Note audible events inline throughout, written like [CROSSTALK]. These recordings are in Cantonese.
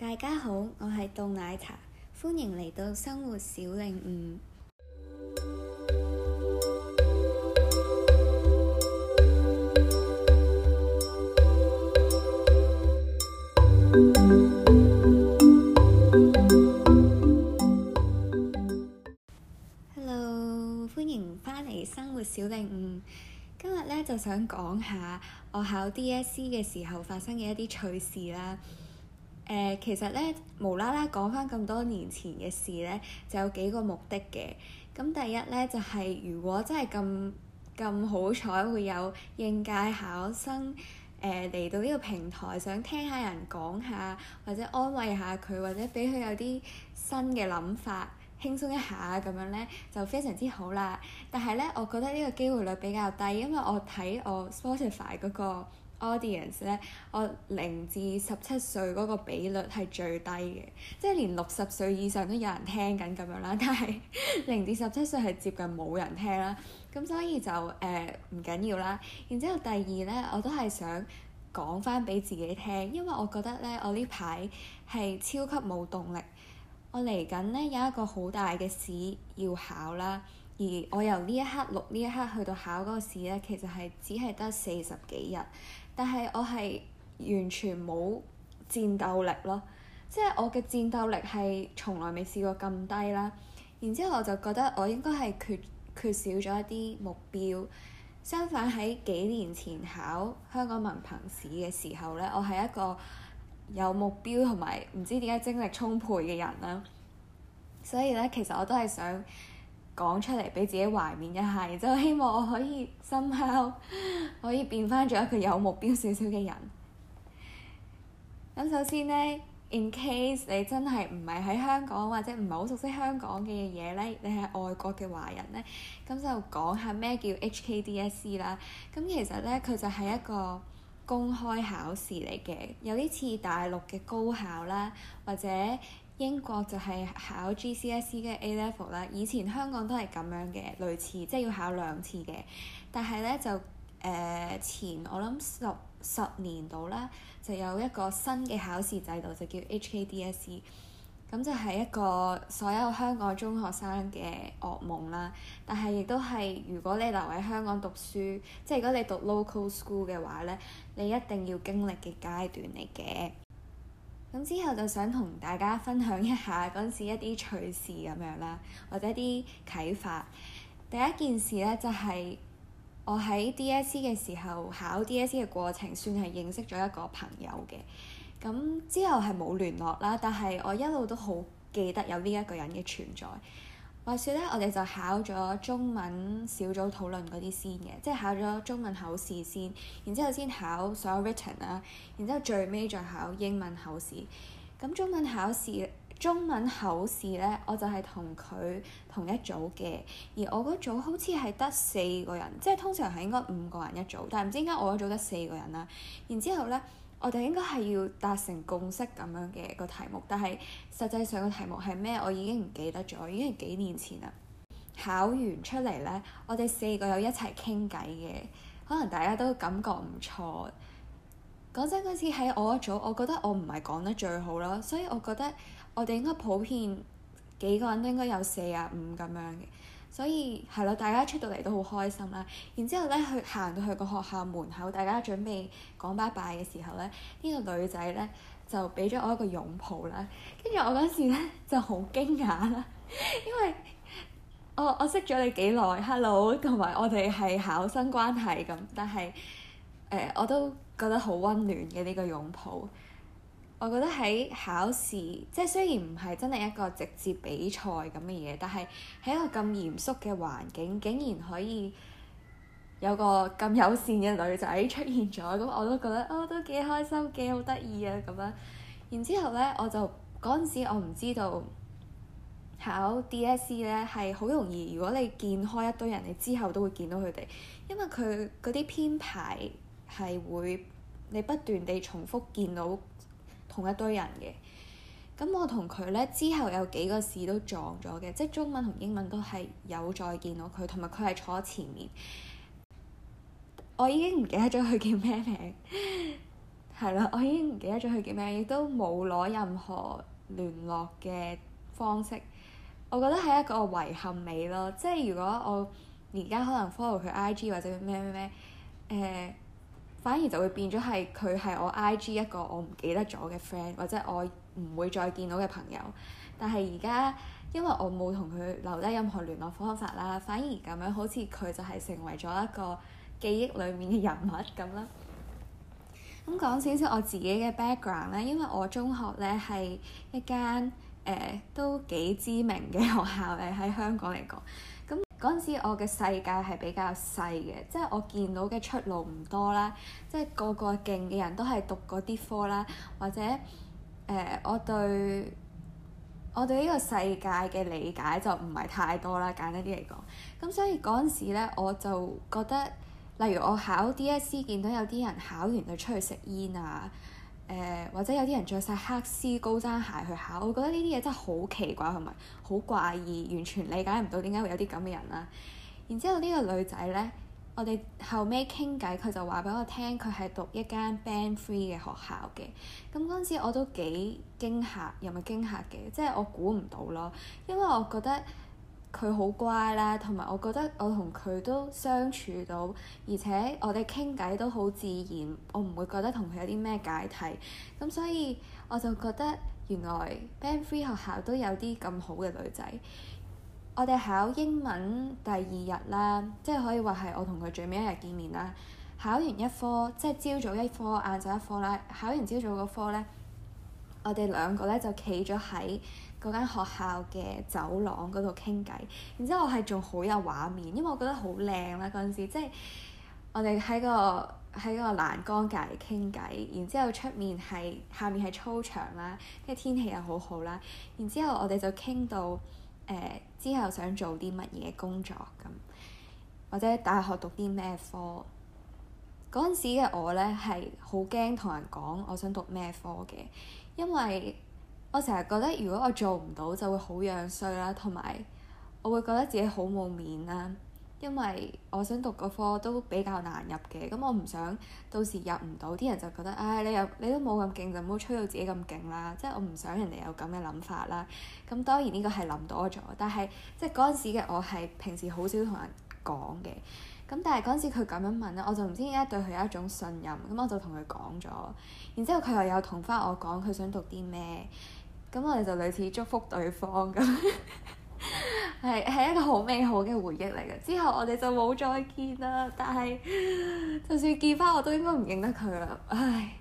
大家好，我係凍奶茶，歡迎嚟到生活小領悟。Hello，歡迎返嚟生活小領悟。今日呢就想講下我考 DSE 嘅時候發生嘅一啲趣事啦。誒，其實咧，無啦啦講翻咁多年前嘅事咧，就有幾個目的嘅。咁第一咧，就係、是、如果真係咁咁好彩會有應屆考生誒嚟、呃、到呢個平台，想聽下人講下，或者安慰下佢，或者俾佢有啲新嘅諗法，輕鬆一下咁樣咧，就非常之好啦。但係咧，我覺得呢個機會率比較低，因為我睇我 Spotify 化、那、嗰個 Audience 咧，我零至十七歲嗰個比率係最低嘅，即係連六十歲以上都有人聽緊咁樣啦。但係零 [LAUGHS] 至十七歲係接近冇人聽啦。咁所以就誒唔緊要啦。然之後第二咧，我都係想講翻俾自己聽，因為我覺得咧，我呢排係超級冇動力。我嚟緊咧有一個好大嘅試要考啦，而我由呢一刻錄呢一刻去到考嗰個試咧，其實係只係得四十幾日。但係我係完全冇戰鬥力咯，即係我嘅戰鬥力係從來未試過咁低啦。然之後我就覺得我應該係缺缺少咗一啲目標。相反，喺幾年前考香港文憑試嘅時候呢，我係一個有目標同埋唔知點解精力充沛嘅人啦。所以呢，其實我都係想，講出嚟俾自己懷念一下，然之後希望我可以 somehow [LAUGHS] 可以變翻做一個有目標少少嘅人。咁首先呢，in case 你真係唔係喺香港或者唔係好熟悉香港嘅嘢呢，你係外國嘅華人呢，咁就講下咩叫 HKDSE 啦。咁其實呢，佢就係一個公開考試嚟嘅，有啲似大陸嘅高考啦，或者。英國就係考 GCSE 嘅 A level 啦，以前香港都係咁樣嘅，類似即係要考兩次嘅。但係呢，就誒、呃、前我諗十十年度啦，就有一個新嘅考試制度就叫 HKDSE，咁就係一個所有香港中學生嘅噩夢啦。但係亦都係如果你留喺香港讀書，即係如果你讀 local school 嘅話呢，你一定要經歷嘅階段嚟嘅。咁之後就想同大家分享一下嗰陣時一啲趣事咁樣啦，或者啲啟發。第一件事呢，就係我喺 DSE 嘅時候考 DSE 嘅過程，算係認識咗一個朋友嘅。咁之後係冇聯絡啦，但係我一路都好記得有呢一個人嘅存在。話説咧，我哋就考咗中文小組討論嗰啲先嘅，即係考咗中文口試先，然之後先考所有 written 啦，然之後最尾再考英文口試。咁中文考試，中文口試咧，我就係同佢同一組嘅，而我嗰組好似係得四個人，即係通常係應該五個人一組，但係唔知點解我嗰組得四個人啦。然之後咧。我哋應該係要達成共識咁樣嘅個題目，但係實際上個題目係咩？我已經唔記得咗，已經係幾年前啦。考完出嚟呢，我哋四個又一齊傾偈嘅，可能大家都感覺唔錯。講真嗰次喺我一組，我覺得我唔係講得最好囉，所以我覺得我哋應該普遍幾個人都應該有四啊五咁樣嘅。所以係咯，大家出到嚟都好開心啦。然之後咧，去行到去個學校門口，大家準備講拜拜嘅時候咧，呢、這個女仔咧就俾咗我一個擁抱啦。跟住我嗰時咧就好驚訝啦，因為我我識咗你幾耐，Hello，同埋我哋係考生關係咁，但係誒、呃、我都覺得好溫暖嘅呢、這個擁抱。我覺得喺考試，即係雖然唔係真係一個直接比賽咁嘅嘢，但係喺一個咁嚴肅嘅環境，竟然可以有個咁友善嘅女仔出現咗，咁我都覺得哦，都幾開心，幾好得意啊咁樣。然之後呢，我就嗰陣時我唔知道考 DSE 呢係好容易。如果你見開一堆人，你之後都會見到佢哋，因為佢嗰啲編排係會你不斷地重複見到。同一堆人嘅，咁我同佢呢，之後有幾個試都撞咗嘅，即係中文同英文都係有再見到佢，同埋佢係坐前面。我已經唔記得咗佢叫咩名，係 [LAUGHS] 啦，我已經唔記得咗佢叫咩，亦都冇攞任何聯絡嘅方式。我覺得係一個遺憾美咯，即係如果我而家可能 follow 佢 IG 或者咩咩咩誒反而就會變咗係佢係我 IG 一個我唔記得咗嘅 friend，或者我唔會再見到嘅朋友。但係而家因為我冇同佢留低任何聯絡方法啦，反而咁樣好似佢就係成為咗一個記憶裡面嘅人物咁啦。咁講少少我自己嘅 background 啦，因為我中學呢係一間誒、呃、都幾知名嘅學校嚟，喺香港嚟講。嗰陣時，我嘅世界係比較細嘅，即係我見到嘅出路唔多啦。即係個個勁嘅人都係讀嗰啲科啦，或者誒、呃，我對我對呢個世界嘅理解就唔係太多啦。簡單啲嚟講，咁所以嗰陣時呢，我就覺得，例如我考 DSE 見到有啲人考完就出去食煙啊。誒、呃、或者有啲人着晒黑絲高踭鞋去考，我覺得呢啲嘢真係好奇怪同埋好怪異，完全理解唔到點解會有啲咁嘅人啦、啊。然之後呢個女仔呢，我哋後尾傾偈，佢就話俾我聽，佢係讀一間 Band Three 嘅學校嘅。咁嗰陣時我都幾驚嚇，又咪驚嚇嘅，即係我估唔到咯，因為我覺得。佢好乖啦，同埋我覺得我同佢都相處到，而且我哋傾偈都好自然，我唔會覺得同佢有啲咩芥蒂。咁所以我就覺得原來 Band Three 學校都有啲咁好嘅女仔。我哋考英文第二日啦，即係可以話係我同佢最尾一日見面啦。考完一科，即係朝早一科、晏晝一科啦。考完朝早嗰科呢，我哋兩個呢就企咗喺。嗰間學校嘅走廊嗰度傾偈，然之後我係仲好有畫面，因為我覺得好靚啦嗰陣時，即係我哋喺個喺個欄杆隔籬傾偈，然之後出面係下面係操場啦，跟住天氣又好好啦，然之後我哋就傾到，呃，之後想做啲乜嘢工作咁，或者大學讀啲咩科。嗰陣時嘅我呢係好驚同人講我想讀咩科嘅，因為我成日覺得，如果我做唔到就會好樣衰啦，同埋我會覺得自己好冇面啦。因為我想讀嗰科都比較難入嘅，咁我唔想到時入唔到，啲人就覺得唉、哎，你入你都冇咁勁，就唔好吹到自己咁勁啦。即係我唔想人哋有咁嘅諗法啦。咁當然呢個係諗多咗，但係即係嗰陣時嘅我係平時好少同人講嘅。咁但係嗰陣時佢咁樣問咧，我就唔知點解對佢有一種信任，咁我就同佢講咗。然之後佢又有同返我講佢想讀啲咩。咁我哋就類似祝福對方咁，係 [LAUGHS] 係一個好美好嘅回憶嚟嘅。之後我哋就冇再見啦。但係就算見翻我都應該唔認得佢啦。唉，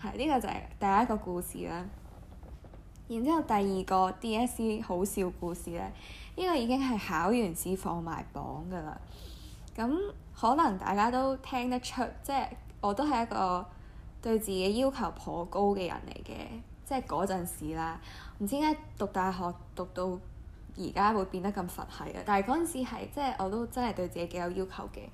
係呢個就係第一個故事啦。然之後第二個 DSE 好笑故事咧，呢個已經係考完試放埋榜㗎啦。咁可能大家都聽得出，即係我都係一個對自己要求頗高嘅人嚟嘅。即係嗰陣時啦，唔知點解讀大學讀到而家會變得咁佛系。啊！但係嗰陣時係即係我都真係對自己幾有要求嘅。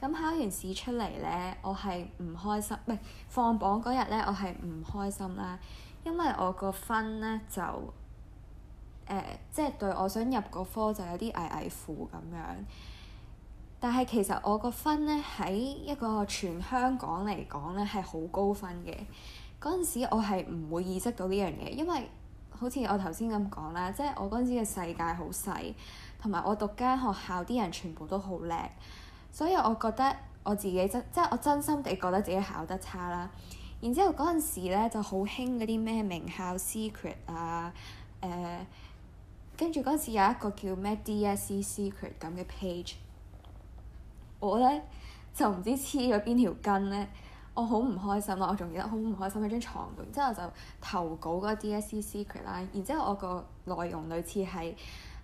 咁考完試出嚟呢，我係唔開心，唔係放榜嗰日呢，我係唔開心啦，因為我個分呢、呃，就即、是、係對我想入個科就有啲危危乎咁樣。但係其實我個分呢，喺一個全香港嚟講呢，係好高分嘅。嗰陣時我係唔會意識到呢樣嘢，因為好似我頭先咁講啦，即係我嗰陣時嘅世界好細，同埋我讀間學校啲人全部都好叻，所以我覺得我自己真即係我真心地覺得自己考得差啦。然之後嗰陣時咧就好興嗰啲咩名校 secret 啊，誒、呃，跟住嗰陣時有一個叫咩 DSE secret 咁嘅 page，我咧就唔知黐咗邊條筋咧。我好唔開心咯，我仲記得好唔開心喺張牀度，之後就投稿嗰個 DSE Secret 啦，然之後我個內容類似係，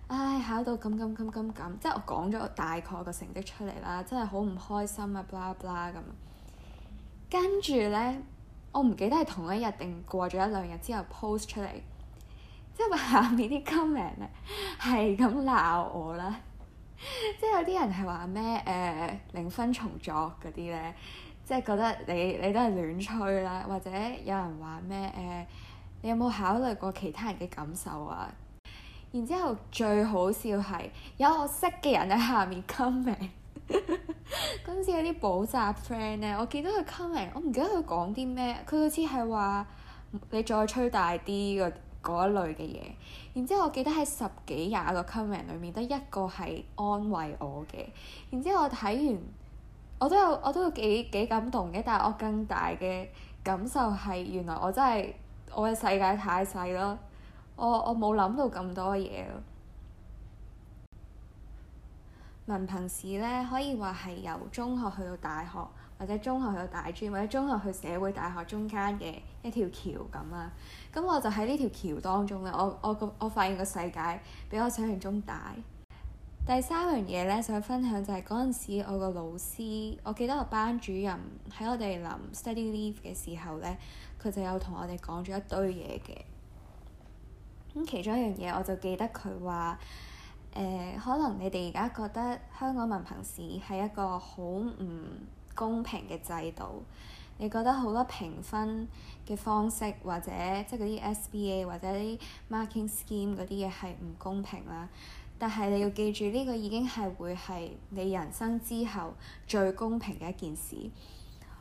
唉、哎、考到咁咁咁咁咁，即係我講咗大概個成績出嚟啦，真係好唔開心啊，bla bla 咁，跟住呢，我唔記得係同一日定過咗一兩日之後 post 出嚟，即係話下面啲 comment 咧係咁鬧我啦，即係有啲人係話咩誒零分重作嗰啲呢。即係覺得你你都係亂吹啦，或者有人話咩誒，你有冇考慮過其他人嘅感受啊？然之後最好笑係有我識嘅人喺下面 comment， [LAUGHS] 嗰陣時有啲補習 friend 咧，我見到佢 comment，我唔記得佢講啲咩，佢好似係話你再吹大啲嗰一類嘅嘢。然之後我記得喺十幾廿個 comment 裏面，得一個係安慰我嘅。然之後我睇完。我都有，我都有幾幾感動嘅，但係我更大嘅感受係，原來我真係我嘅世界太細咯，我我冇諗到咁多嘢咯。文憑試呢，可以話係由中學去到大學，或者中學去到大專，或者中學去社會大學中間嘅一條橋咁啊。咁我就喺呢條橋當中呢，我我個我發現個世界比我想像中大。第三樣嘢咧，想分享就係嗰陣時我個老師，我記得個班主任喺我哋臨 study leave 嘅時候咧，佢就有同我哋講咗一堆嘢嘅。咁其中一樣嘢我就記得佢話：誒，呃，可能你哋而家覺得香港文憑試係一個好唔公平嘅制度，你覺得好多評分嘅方式或者即係嗰啲 SBA 或者啲 marking scheme 嗰啲嘢係唔公平啦。但係你要記住呢個已經係會係你人生之後最公平嘅一件事。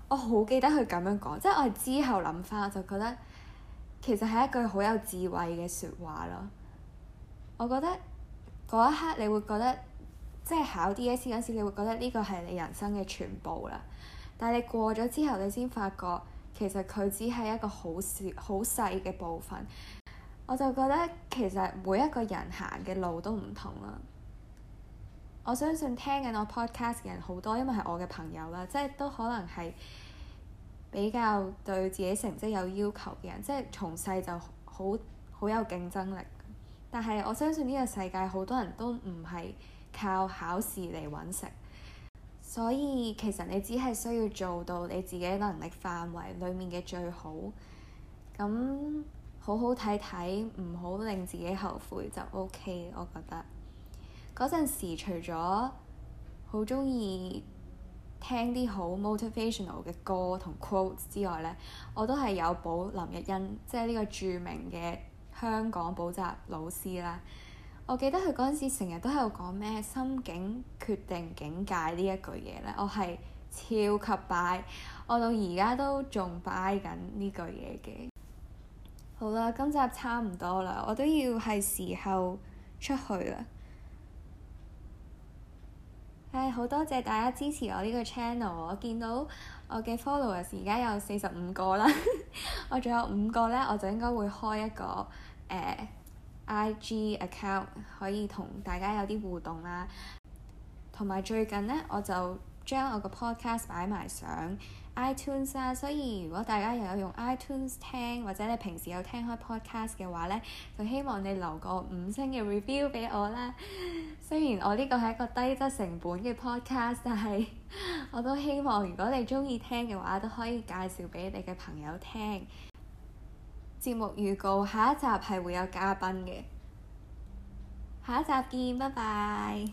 我好記得佢咁樣講，即係我之後諗翻，我就覺得其實係一句好有智慧嘅説話咯。我覺得嗰一刻你會覺得，即係考 DSE 嗰陣時，你會覺得呢個係你人生嘅全部啦。但係你過咗之後，你先發覺其實佢只係一個好小、好細嘅部分。我就覺得其實每一個人行嘅路都唔同啦。我相信聽緊我 podcast 嘅人好多，因為係我嘅朋友啦，即係都可能係比較對自己成績有要求嘅人，即係從細就好好有競爭力。但係我相信呢個世界好多人都唔係靠考試嚟搵食，所以其實你只係需要做到你自己能力範圍裡面嘅最好咁。好好睇睇，唔好令自己後悔就 OK。我覺得嗰陣時，除咗好中意聽啲好 motivational 嘅歌同 quotes 之外呢，我都係有補林溢欣，即係呢個著名嘅香港補習老師啦。我記得佢嗰陣時成日都喺度講咩心境決定境界呢一句嘢呢，我係超級 buy，我到而家都仲 buy 緊呢句嘢嘅。好啦，今集差唔多啦，我都要係時候出去啦。唉、哎，好多謝大家支持我呢個 channel，我見到我嘅 followers 而家有四十五個啦， [LAUGHS] 我仲有五個呢，我就應該會開一個、呃、IG account 可以同大家有啲互動啦。同埋最近呢，我就～將我個 podcast 擺埋上 iTunes 啊。所以如果大家又有用 iTunes 聽，或者你平時有聽開 podcast 嘅話呢，就希望你留個五星嘅 review 俾我啦。雖然我呢個係一個低質成本嘅 podcast，但係我都希望如果你中意聽嘅話，都可以介紹俾你嘅朋友聽。節目預告，下一集係會有嘉賓嘅。下一集見，拜拜。